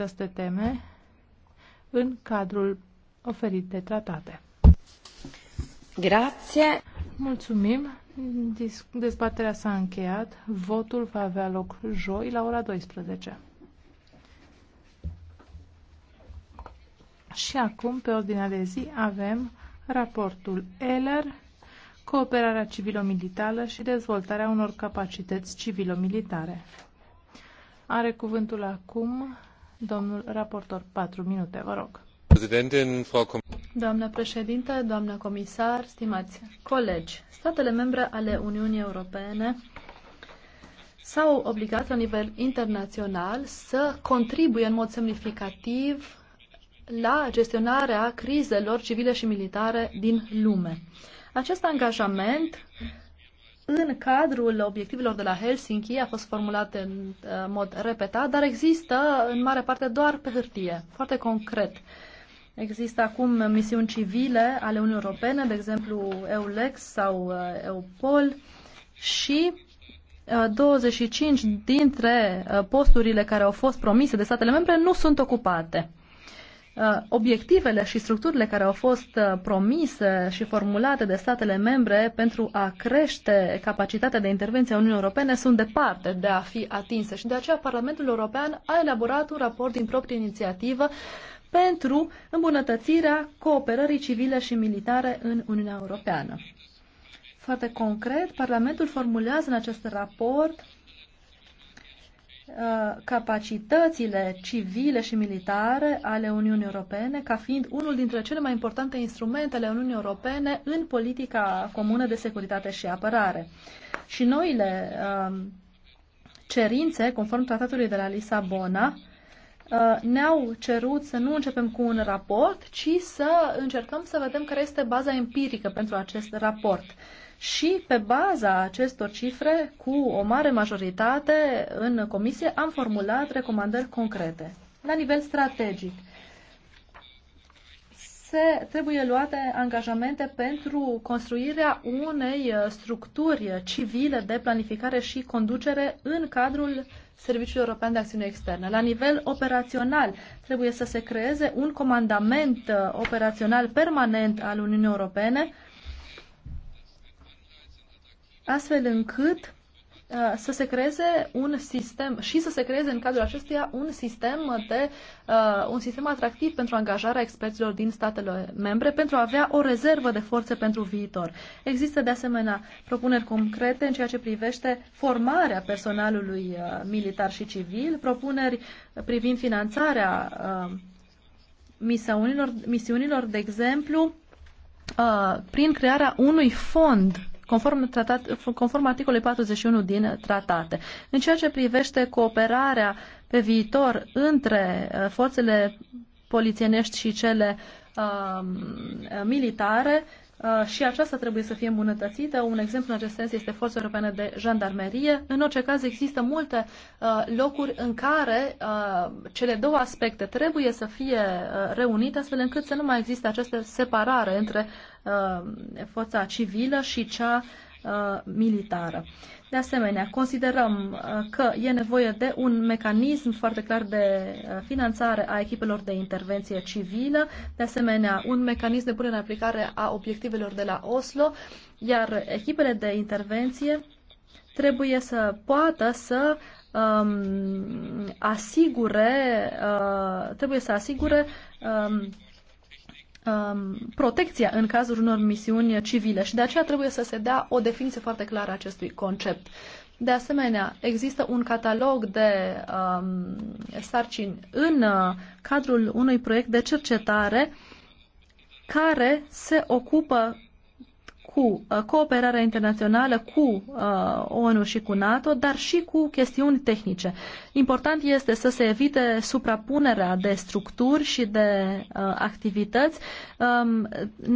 aceste teme în cadrul oferit de tratate. Grație! Mulțumim! Dezbaterea s-a încheiat. Votul va avea loc joi la ora 12. Și acum, pe ordinea de zi, avem raportul ELER, cooperarea civilo-militară și dezvoltarea unor capacități civilo-militare. Are cuvântul acum Domnul raportor, 4 minute, vă rog. Doamnă președinte, doamnă comisar, stimați colegi, statele membre ale Uniunii Europene s-au obligat la nivel internațional să contribuie în mod semnificativ la gestionarea crizelor civile și militare din lume. Acest angajament în cadrul obiectivelor de la Helsinki a fost formulat în uh, mod repetat, dar există în mare parte doar pe hârtie, foarte concret. Există acum misiuni civile ale Uniunii Europene, de exemplu EULEX sau uh, EUPOL și 25 uh, dintre posturile care au fost promise de statele membre nu sunt ocupate. Uh, obiectivele și structurile care au fost uh, promise și formulate de statele membre pentru a crește capacitatea de intervenție a Uniunii Europene sunt departe de a fi atinse și de aceea Parlamentul European a elaborat un raport din proprie inițiativă pentru îmbunătățirea cooperării civile și militare în Uniunea Europeană. Foarte concret, Parlamentul formulează în acest raport Uh, capacitățile civile și militare ale Uniunii Europene ca fiind unul dintre cele mai importante instrumente ale Uniunii Europene în politica comună de securitate și apărare. Și noile um, cerințe, conform tratatului de la Lisabona, uh, ne-au cerut să nu începem cu un raport, ci să încercăm să vedem care este baza empirică pentru acest raport și pe baza acestor cifre, cu o mare majoritate în comisie, am formulat recomandări concrete. La nivel strategic, se trebuie luate angajamente pentru construirea unei uh, structuri civile de planificare și conducere în cadrul Serviciului European de Acțiune Externă. La nivel operațional, trebuie să se creeze un comandament uh, operațional permanent al Uniunii Europene astfel încât uh, să se creeze un sistem și să se creeze în cadrul acestuia un sistem de uh, un sistem atractiv pentru angajarea experților din statele membre pentru a avea o rezervă de forțe pentru viitor. Există de asemenea propuneri concrete în ceea ce privește formarea personalului uh, militar și civil, propuneri privind finanțarea uh, misiunilor, misiunilor de exemplu, uh, prin crearea unui fond conform, tratat, conform articolului 41 din tratate. În ceea ce privește cooperarea pe viitor între uh, forțele polițienești și cele um, uh, militare, și aceasta trebuie să fie îmbunătățită. Un exemplu în acest sens este Forța Europeană de Jandarmerie. În orice caz, există multe uh, locuri în care uh, cele două aspecte trebuie să fie reunite, astfel încât să nu mai există această separare între Uh, forța civilă și cea uh, militară. De asemenea, considerăm uh, că e nevoie de un mecanism foarte clar de finanțare a echipelor de intervenție civilă, de asemenea, un mecanism de punere în aplicare a obiectivelor de la Oslo, iar echipele de intervenție trebuie să poată să um, asigure, uh, trebuie să asigure um, Um, protecția în cazul unor misiuni civile și de aceea trebuie să se dea o definiție foarte clară a acestui concept. De asemenea, există un catalog de um, sarcini în uh, cadrul unui proiect de cercetare care se ocupă cu uh, cooperarea internațională cu uh, ONU și cu NATO, dar și cu chestiuni tehnice. Important este să se evite suprapunerea de structuri și de uh, activități. Um,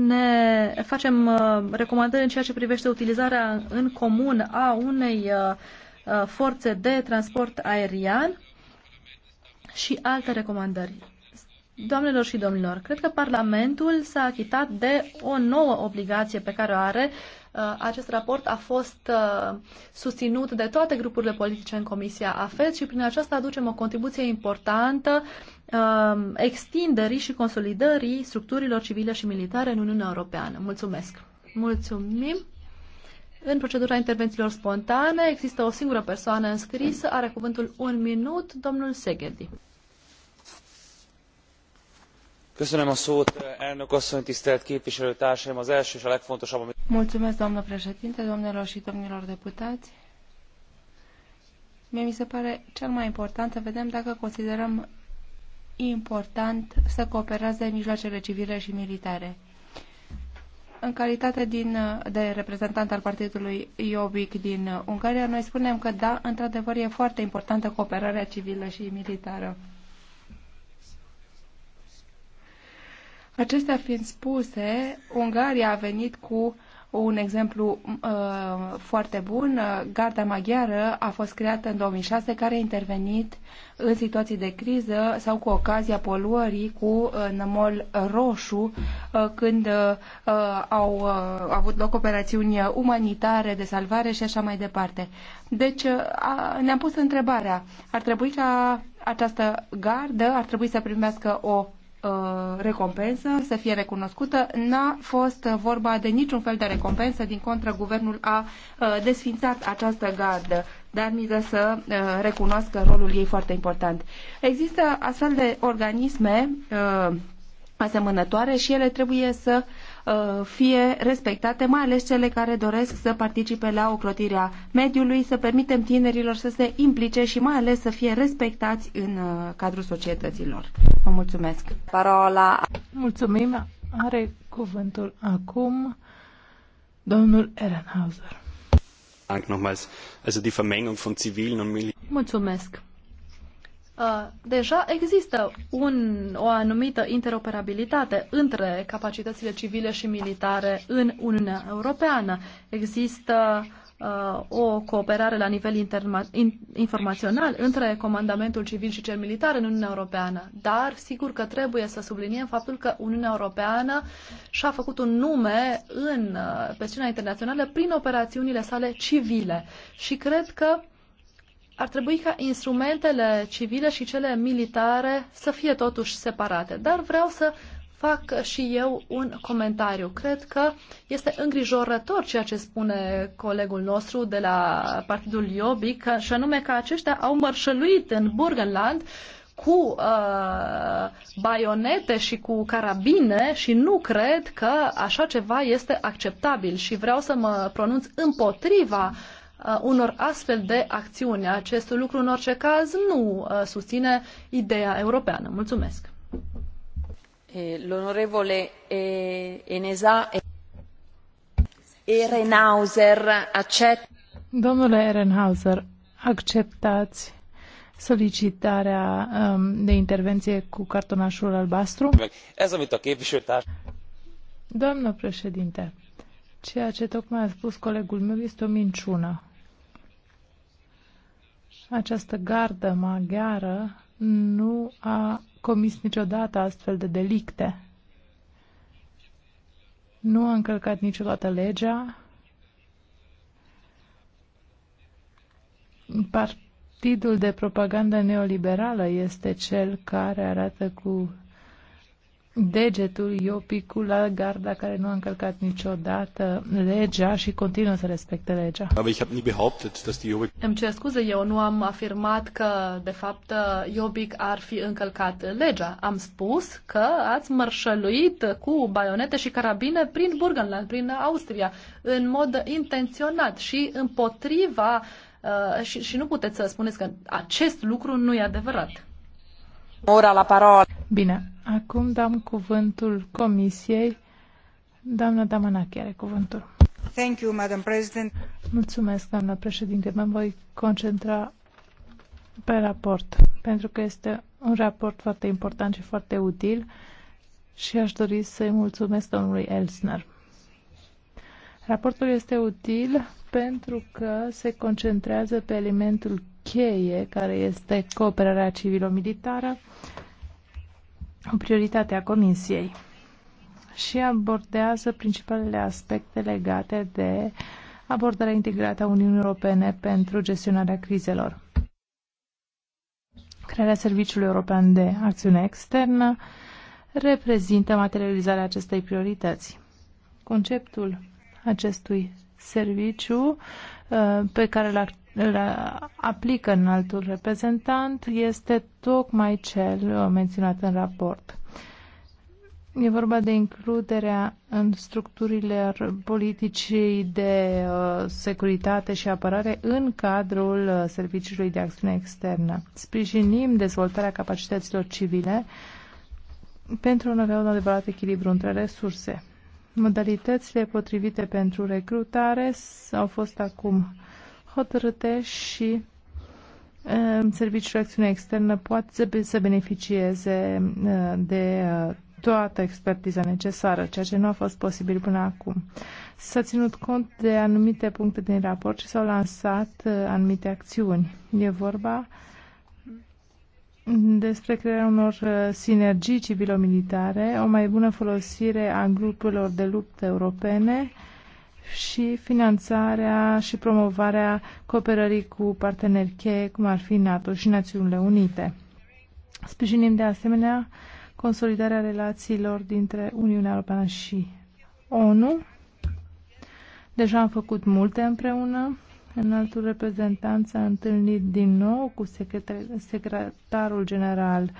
ne facem recomandări în ceea ce privește utilizarea în comun a unei forțe de transport aerian și alte recomandări. Doamnelor și domnilor, cred că Parlamentul s-a achitat de o nouă obligație pe care o are. Uh, acest raport a fost uh, susținut de toate grupurile politice în Comisia AFET și prin aceasta aducem o contribuție importantă um, extinderii și consolidării structurilor civile și militare în Uniunea Europeană. Mulțumesc! Mulțumim! În procedura intervențiilor spontane există o singură persoană înscrisă, are cuvântul un minut, domnul Segedi elnök asszony tisztelt képviselőtársaim! az első és a legfontosabb amit. mulțumesc președinte mie mi se pare cel mai important să vedem dacă considerăm important să coopereze mijloacele civile și militare. În calitate din, de reprezentant al partidului Jobbik din Ungaria, noi spunem că da, într-adevăr e foarte importantă cooperarea civilă și militară. Acestea fiind spuse, Ungaria a venit cu un exemplu uh, foarte bun. Garda maghiară a fost creată în 2006, care a intervenit în situații de criză sau cu ocazia poluării cu uh, nămol roșu, uh, când uh, au uh, avut loc operațiuni umanitare de salvare și așa mai departe. Deci uh, ne-am pus întrebarea, ar trebui ca această gardă ar trebui să primească o Uh, recompensă să fie recunoscută. N-a fost vorba de niciun fel de recompensă, din contră, guvernul a uh, desfințat această gardă, dar miză să uh, recunoască rolul ei foarte important. Există astfel de organisme asemănătoare și ele trebuie să uh, Uh, fie respectate, mai ales cele care doresc să participe la ocrotirea mediului, să permitem tinerilor să se implice și mai ales să fie respectați în uh, cadrul societăților. Vă mulțumesc! Parola! Mulțumim! Are cuvântul acum domnul Ehrenhauser. Mulțumesc! Uh, deja există un, o anumită interoperabilitate între capacitățile civile și militare în Uniunea Europeană. Există uh, o cooperare la nivel interma- in, informațional între comandamentul civil și cel militar în Uniunea Europeană, dar sigur că trebuie să subliniem faptul că Uniunea Europeană și-a făcut un nume în, uh, pe scena internațională prin operațiunile sale civile și cred că ar trebui ca instrumentele civile și cele militare să fie totuși separate. Dar vreau să fac și eu un comentariu. Cred că este îngrijorător ceea ce spune colegul nostru de la Partidul Iobic, și anume că aceștia au mărșăluit în Burgenland cu uh, baionete și cu carabine și nu cred că așa ceva este acceptabil și vreau să mă pronunț împotriva uh, Uh, unor astfel de acțiuni. Acest lucru, în orice caz, nu uh, susține ideea europeană. Mulțumesc. Eh, l'onorevole eh, Enesa eh, Ehrenhauser accept. Domnule Ehrenhauser, acceptați solicitarea um, de intervenție cu cartonașul albastru? Doamnă președinte, ceea ce tocmai a spus colegul meu este o minciună. Această gardă maghiară nu a comis niciodată astfel de delicte. Nu a încălcat niciodată legea. Partidul de propagandă neoliberală este cel care arată cu degetul iopicul la garda care nu a încălcat niciodată legea și continuă să respecte legea. Îmi cer scuze, eu nu am afirmat că, de fapt, Iobic ar fi încălcat legea. Am spus că ați mărșăluit cu baionete și carabine prin Burgenland, prin Austria, în mod intenționat și împotriva uh, și, și nu puteți să spuneți că acest lucru nu e adevărat. Ora la parola. Bine, Acum dăm cuvântul Comisiei. Doamna Damanache are cuvântul. Thank you, Madam President. Mulțumesc, doamna președinte. Mă voi concentra pe raport, pentru că este un raport foarte important și foarte util și aș dori să-i mulțumesc domnului Elsner. Raportul este util pentru că se concentrează pe elementul cheie, care este cooperarea civilo-militară o prioritate a Comisiei și abordează principalele aspecte legate de abordarea integrată a Uniunii Europene pentru gestionarea crizelor. Crearea Serviciului European de Acțiune Externă reprezintă materializarea acestei priorități. Conceptul acestui serviciu uh, pe care îl aplică în altul reprezentant este tocmai cel uh, menționat în raport. E vorba de includerea în structurile politicii de uh, securitate și apărare în cadrul Serviciului de Acțiune Externă. Sprijinim dezvoltarea capacităților civile pentru a avea un adevărat echilibru între resurse Modalitățile potrivite pentru recrutare au fost acum hotărâte și um, Serviciul Acțiune Externă poate să beneficieze uh, de uh, toată expertiza necesară, ceea ce nu a fost posibil până acum. S-a ținut cont de anumite puncte din raport și s-au lansat uh, anumite acțiuni. E vorba uh, despre crearea unor uh, sinergii civilo-militare, o mai bună folosire a grupurilor de luptă europene și finanțarea și promovarea cooperării cu parteneri cheie, cum ar fi NATO și Națiunile Unite. Sprijinim de asemenea consolidarea relațiilor dintre Uniunea Europeană și ONU. Deja am făcut multe împreună. Înaltul reprezentant s-a întâlnit din nou cu secretarul general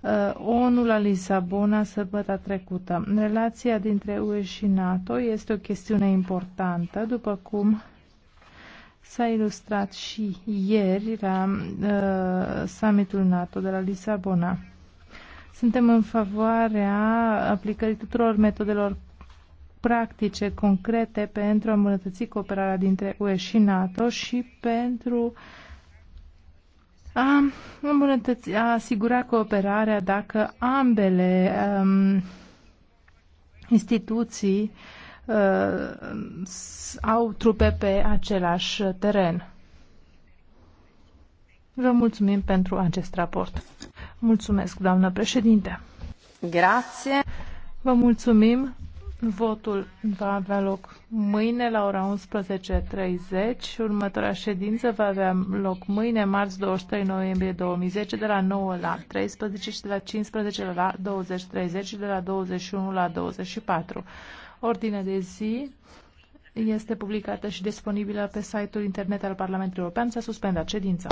uh, ONU la Lisabona săptămâna trecută. Relația dintre UE și NATO este o chestiune importantă, după cum s-a ilustrat și ieri la uh, summitul NATO de la Lisabona. Suntem în favoarea aplicării tuturor metodelor practice concrete pentru a îmbunătăți cooperarea dintre UE și NATO și pentru a îmbunătăți, a asigura cooperarea dacă ambele um, instituții uh, au trupe pe același teren. Vă mulțumim pentru acest raport. Mulțumesc, doamnă președinte. Grație. Vă mulțumim. Votul va avea loc mâine la ora 11.30 următoarea ședință va avea loc mâine, marți 23 noiembrie 2010, de la 9 la 13 și de la 15 la 20.30 și de la 21 la 24. Ordinea de zi este publicată și disponibilă pe site-ul internet al Parlamentului European. S-a suspendat ședința.